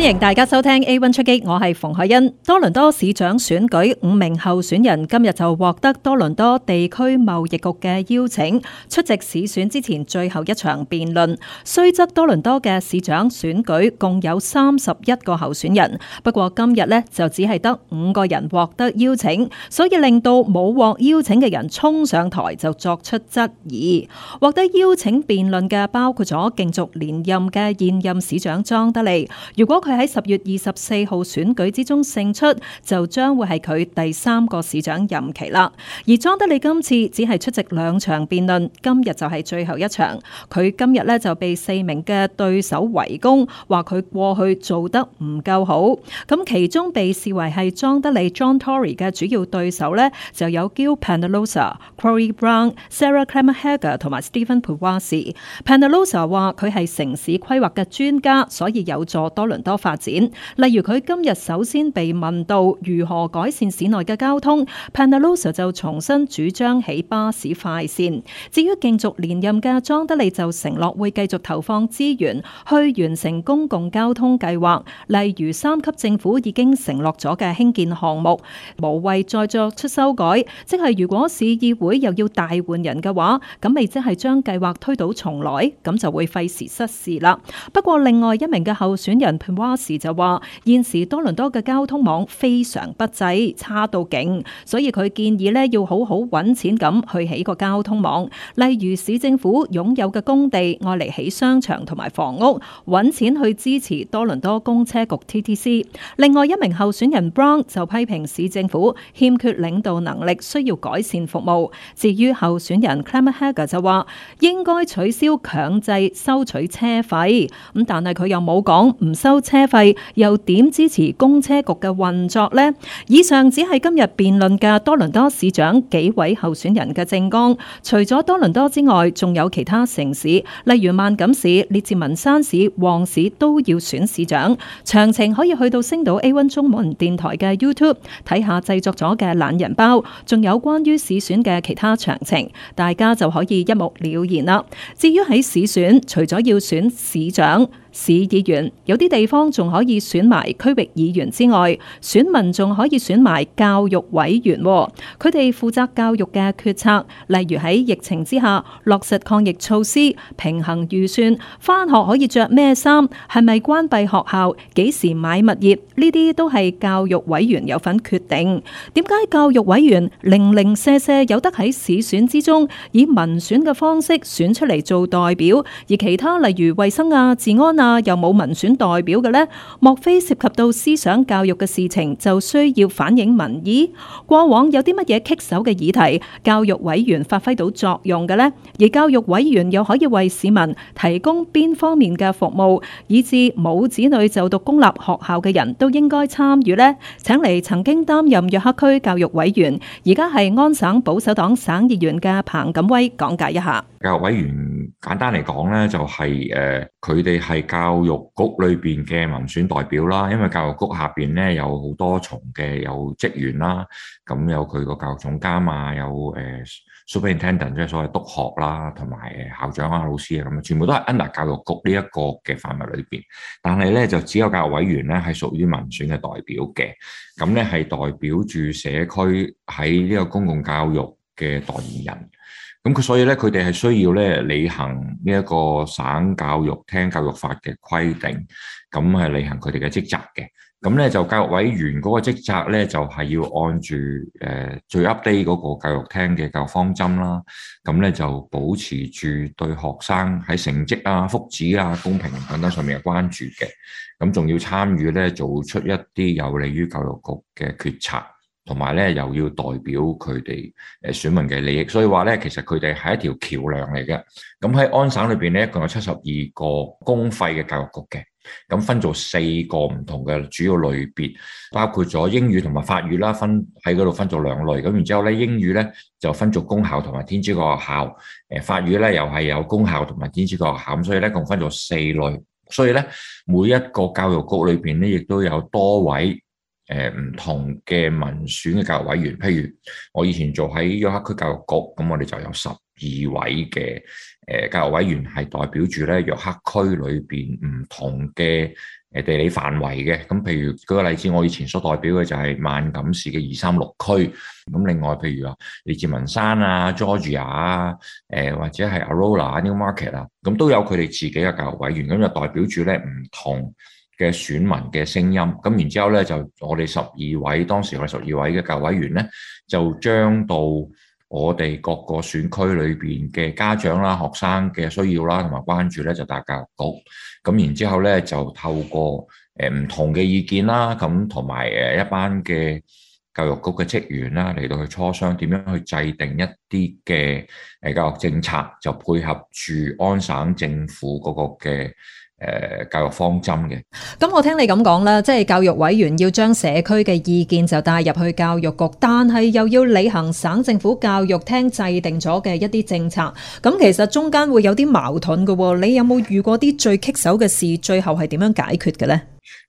歡迎大家收聽 A1 出擊，我係馮海欣。多倫多市長選舉五名候選人今日就獲得多倫多地區貿易局嘅邀請出席市選之前最後一場辯論。雖則多倫多嘅市長選舉共有三十一個候選人，不過今日咧就只係得五個人獲得邀請，所以令到冇獲邀請嘅人衝上台就作出質疑。獲得邀請辯論嘅包括咗競逐連任嘅現任市長莊德利。如果佢佢喺十月二十四號選舉之中勝出，就將會係佢第三個市長任期啦。而莊德利今次只係出席兩場辯論，今日就係最後一場。佢今日呢就被四名嘅對手圍攻，話佢過去做得唔夠好。咁其中被視為係莊德利 John Tory 嘅主要對手呢，就有 j o l p a n d a l o s z a c u r r y Brown Sarah、Sarah c l e m a h a g g a r 同埋 Stephen Pivars。p a n l o s z a 話佢係城市規劃嘅專家，所以有助多倫多。多發展，例如佢今日首先被問到如何改善市內嘅交通，Panalosa 就重新主張起巴士快線。至於競逐連任嘅莊德利就承諾會繼續投放資源去完成公共交通計劃，例如三級政府已經承諾咗嘅興建項目，無謂再作出修改。即係如果市議會又要大換人嘅話，咁咪即係將計劃推倒重來，咁就會費時失事啦。不過另外一名嘅候選人，瓦士就話：現時多倫多嘅交通網非常不濟，差到勁，所以佢建議咧要好好揾錢咁去起個交通網，例如市政府擁有嘅工地，用嚟起商場同埋房屋，揾錢去支持多倫多公車局 TTC。另外一名候選人 Brown 就批評市政府欠缺領導能力，需要改善服務。至於候選人 Clam Hager 就話：應該取消強制收取車費，咁但係佢又冇講唔收。車費又點支持公車局嘅運作呢？以上只係今日辯論嘅多倫多市長幾位候選人嘅政綱。除咗多倫多之外，仲有其他城市，例如萬錦市、列治文山市、旺市都要選市長。詳情可以去到星島 A1 中文電台嘅 YouTube 睇下製作咗嘅懶人包，仲有關於市選嘅其他詳情，大家就可以一目了然啦。至於喺市選，除咗要選市長。市議員，有啲地方仲可以選埋區域議員之外，選民仲可以選埋教育委員。佢哋負責教育嘅決策，例如喺疫情之下落實抗疫措施、平衡預算、返學可以着咩衫、係咪關閉學校、幾時買物業，呢啲都係教育委員有份決定。點解教育委員零零舍舍有得喺市選之中以民選嘅方式選出嚟做代表？而其他，例如衛生啊、治安啊。又冇民選代表嘅咧？莫非涉及到思想教育嘅事情就需要反映民意？過往有啲乜嘢棘手嘅議題，教育委員發揮到作用嘅咧？而教育委員又可以為市民提供邊方面嘅服務，以致冇子女就讀公立學校嘅人都應該參與咧？請嚟曾經擔任約克區教育委員，而家係安省保守黨省議員嘅彭錦威講解一下。教育委員簡單嚟講咧，就係、是、誒，佢哋係教育局裏邊嘅民選代表啦。因為教育局下邊咧有好多重嘅有職員啦，咁有佢個教育總監啊，有誒 superintendent 即係所謂督學啦，同埋校長啊、老師啊咁，全部都係 under 教育局呢一個嘅範圍裏邊。但係咧就只有教育委員咧係屬於民選嘅代表嘅，咁咧係代表住社區喺呢個公共教育嘅代言人，咁佢所以咧，佢哋係需要咧履行呢一個省教育廳教育法嘅規定，咁係履行佢哋嘅職責嘅。咁咧就教育委員嗰個職責咧，就係、是、要按住誒、呃、最 update 嗰個教育廳嘅教育方針啦。咁咧就保持住對學生喺成績啊、福祉啊、公平等等上面嘅關注嘅。咁仲要參與咧，做出一啲有利於教育局嘅決策。同埋咧，又要代表佢哋誒選民嘅利益，所以話咧，其實佢哋係一條橋梁嚟嘅。咁喺安省裏邊咧，一共有七十二個公費嘅教育局嘅，咁分做四個唔同嘅主要類別，包括咗英語同埋法語啦，分喺嗰度分做兩類。咁然之後咧，英語咧就分做公校同埋天主教學校，誒法語咧又係有公校同埋天主教學校。咁所以咧，共分咗四類。所以咧，每一個教育局裏邊咧，亦都有多位。誒唔、呃、同嘅民選嘅教育委員，譬如我以前做喺約克區教育局，咁我哋就有十二位嘅誒、呃、教育委員，係代表住咧約克區裏邊唔同嘅誒地理範圍嘅。咁譬如舉個例子，我以前所代表嘅就係萬錦市嘅二三六區。咁另外譬如話，嚟自文山啊、Georgia 啊，誒、呃、或者係 Aurora、Newmarket 啊，咁都有佢哋自己嘅教育委員，咁就代表住咧唔同嘅選民嘅聲音，咁然之後咧就我哋十二位當時我哋十二位嘅教委員咧，就將到我哋各個選區裏邊嘅家長啦、學生嘅需要啦同埋關注咧，就打教育局，咁然之後咧就透過誒唔同嘅意見啦，咁同埋誒一班嘅教育局嘅職員啦，嚟到去磋商點樣去制定一啲嘅誒教育政策，就配合住安省政府嗰個嘅。誒，教育方針嘅，咁我聽你咁講啦，即係教育委員要將社區嘅意見就帶入去教育局，但係又要履行省政府教育廳制定咗嘅一啲政策，咁，嗯，其實中間會有啲矛盾嘅，哦，你有冇遇過啲最棘手嘅事？最後係點樣解決嘅呢？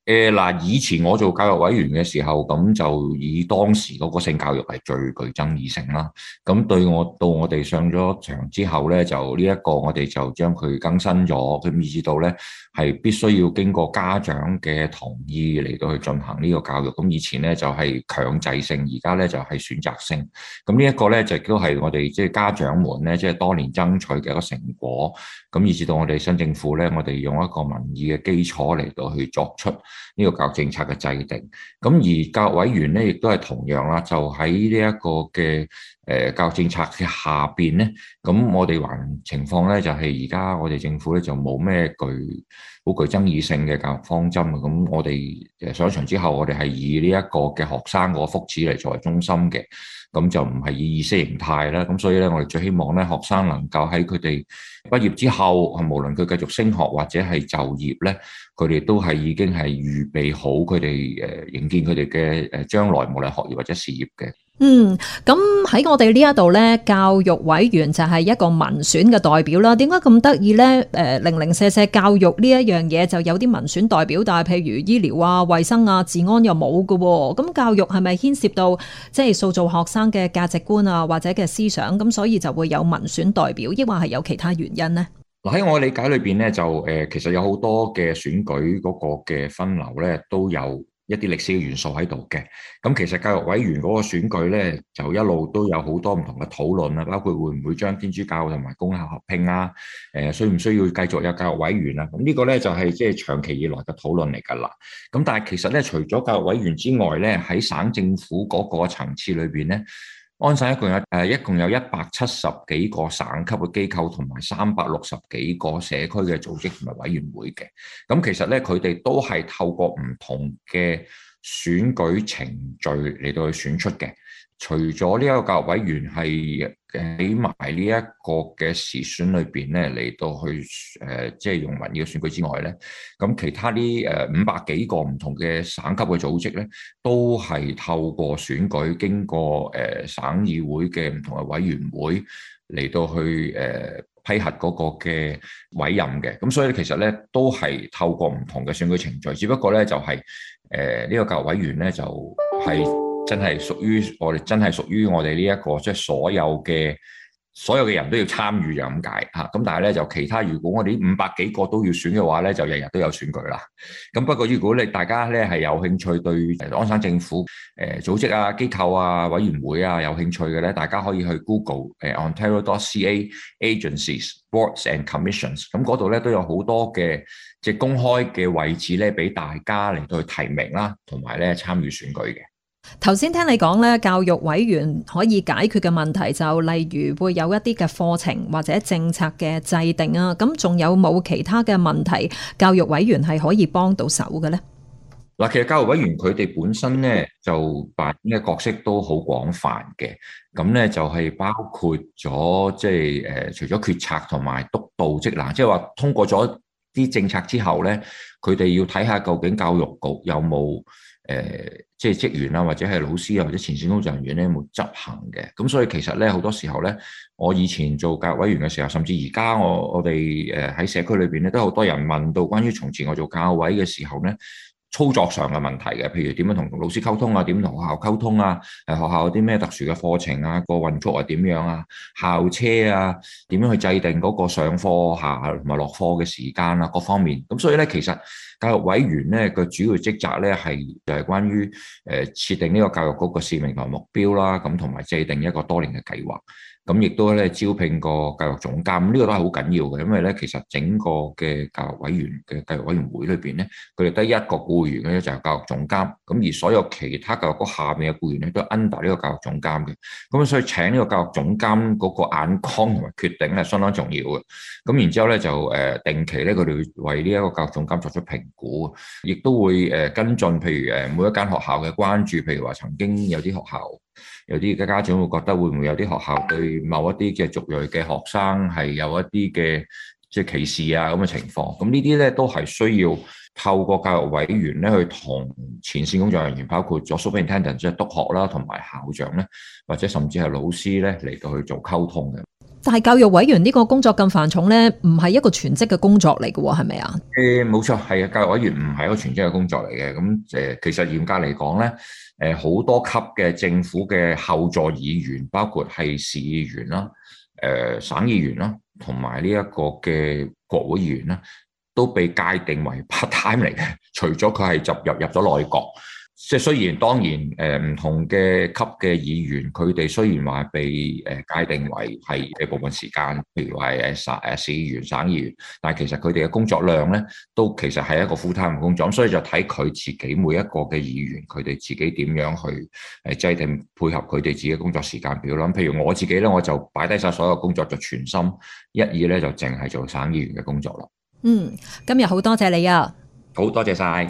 誒嗱，以前我做教育委員嘅時候，咁就以當時嗰個性教育係最具爭議性啦。咁對我到我哋上咗場之後咧，就呢一個我哋就將佢更新咗。咁以至到咧係必須要經過家長嘅同意嚟到去進行呢個教育。咁以前咧就係強制性，而家咧就係選擇性。咁呢一個咧就都係我哋即係家長們咧即係多年爭取嘅一個成果。咁以至到我哋新政府咧，我哋用一個民意嘅基礎嚟到去作出。呢個教育政策嘅制定，咁而教委員咧亦都係同樣啦，就喺呢一個嘅誒、呃、教育政策嘅下邊咧，咁我哋還情況咧就係而家我哋政府咧就冇咩具。好具爭議性嘅教育方針。咁我哋上一場之後，我哋係以呢一個嘅學生個福祉嚟作為中心嘅，咁就唔係以意識形態啦。咁所以咧，我哋最希望咧，學生能夠喺佢哋畢業之後，無論佢繼續升學或者係就業咧，佢哋都係已經係預備好佢哋誒營建佢哋嘅誒將來，無論學業或者事業嘅。嗯，咁喺我哋呢一度呢，教育委員就係一個民選嘅代表啦。點解咁得意呢？誒、呃，零零舍舍教育呢一樣嘢，就有啲民選代表，但係譬如醫療啊、衛生啊、治安又冇嘅，啊。咁、嗯、教育係咪牽涉到即係塑造學生嘅價值觀啊，或者嘅思想？咁所以就會有民選代表，抑或係有其他原因呢？喺我理解裏邊呢，就誒、呃，其實有好多嘅選舉嗰個嘅分流呢，都有。一啲歷史嘅元素喺度嘅，咁其實教育委員嗰個選舉咧，就一路都有好多唔同嘅討論啦，包括會唔會將天主教同埋公校合併啊？誒、呃，需唔需要繼續有教育委員啊？咁呢個咧就係即係長期以來嘅討論嚟㗎啦。咁但係其實咧，除咗教育委員之外咧，喺省政府嗰個層次裏邊咧。安省一共有誒，一共有一百七十幾個省級嘅機構同埋三百六十幾個社區嘅組織同埋委員會嘅，咁其實咧，佢哋都係透過唔同嘅選舉程序嚟到去選出嘅，除咗呢一個教育委員係。喺埋呢一個嘅時選裏邊咧，嚟到去誒，即、呃、係、就是、用民意嘅選舉之外咧，咁其他啲誒五百幾個唔同嘅省級嘅組織咧，都係透過選舉，經過誒、呃、省議會嘅唔同嘅委員會嚟到去誒、呃、批核嗰個嘅委任嘅。咁所以其實咧，都係透過唔同嘅選舉程序，只不過咧就係誒呢個教育委員咧就係、是。真係屬於我哋，真係屬於我哋呢一個，即係所有嘅所有嘅人都要參與，就咁解吓。咁但係咧，就其他如果我哋五百幾個都要選嘅話咧，就日日都有選舉啦。咁不過，如果你大家咧係有興趣對安省政府誒組織啊、機構啊、委員會啊有興趣嘅咧，大家可以去 Google 誒 Ontario.ca Agencies Boards and Commissions。咁嗰度咧都有好多嘅即係公開嘅位置咧，俾大家嚟到去提名啦，同埋咧參與選舉嘅。頭先聽你講咧，教育委員可以解決嘅問題，就例如會有一啲嘅課程或者政策嘅制定啊，咁仲有冇其他嘅問題？教育委員係可以幫到手嘅咧？嗱，其實教育委員佢哋本身咧就扮演嘅角色都好廣泛嘅，咁咧就係包括咗即係誒，除咗決策同埋督導職能，即係話通過咗。啲政策之後咧，佢哋要睇下究竟教育局有冇誒，即、呃、係、就是、職員啦，或者係老師啊，或者前線工作人員咧，有冇執行嘅？咁所以其實咧，好多時候咧，我以前做教委員嘅時候，甚至而家我我哋誒喺社區裏邊咧，都好多人問到關於從前我做教委嘅時候咧。操作上嘅問題嘅，譬如點樣同老師溝通啊，點同學校溝通啊，誒學校有啲咩特殊嘅課程啊，個運作係點樣啊，校車啊，點樣去制定嗰個上課下課同埋落課嘅時間啊各方面。咁所以咧，其實教育委員咧，個主要職責咧，係就係關於誒設定呢個教育局嘅使命同埋目標啦，咁同埋制定一個多年嘅計劃。咁亦都咧招聘個教育總監，呢個都係好緊要嘅，因為咧其實整個嘅教育委員嘅教育委員會裏邊咧，佢哋得一個僱員咧就係教育總監，咁而所有其他教育局下面嘅僱員咧都 under 呢個教育總監嘅，咁所以請呢個教育總監嗰個眼光同埋決定咧相當重要嘅，咁然之後咧就誒定期咧佢哋要為呢一個教育總監作出評估，亦都會誒跟進，譬如誒每一間學校嘅關注，譬如話曾經有啲學校。有啲家家長會覺得會唔會有啲學校對某一啲嘅族裔嘅學生係有一啲嘅即係歧視啊咁嘅情況，咁呢啲咧都係需要透過教育委員咧去同前線工作人員，包括咗 superintendent 即係督學啦，同埋校長咧，或者甚至係老師咧嚟到去做溝通嘅。但係教育委員呢個工作咁繁重咧，唔係一個全職嘅工作嚟嘅，係咪啊？誒、呃，冇錯，係啊，教育委員唔係一個全職嘅工作嚟嘅。咁誒、呃，其實嚴格嚟講咧，誒、呃，好多級嘅政府嘅後座議員，包括係市議員啦、誒、呃、省議員啦，同埋呢一個嘅國會議員啦，都被界定為 part time 嚟嘅，除咗佢係入入入咗內閣。即係雖然當然，誒唔同嘅級嘅議員，佢哋雖然話被誒界定為係部分時間，譬如話誒省市議員、省議員，但係其實佢哋嘅工作量咧，都其實係一個 m e 嘅工作，所以就睇佢自己每一個嘅議員，佢哋自己點樣去誒制定配合佢哋自己嘅工作時間表啦。譬如我自己咧，我就擺低晒所有工作，就全心，一呢、意咧就淨係做省議員嘅工作咯。嗯，今日好多謝你啊！好多謝晒。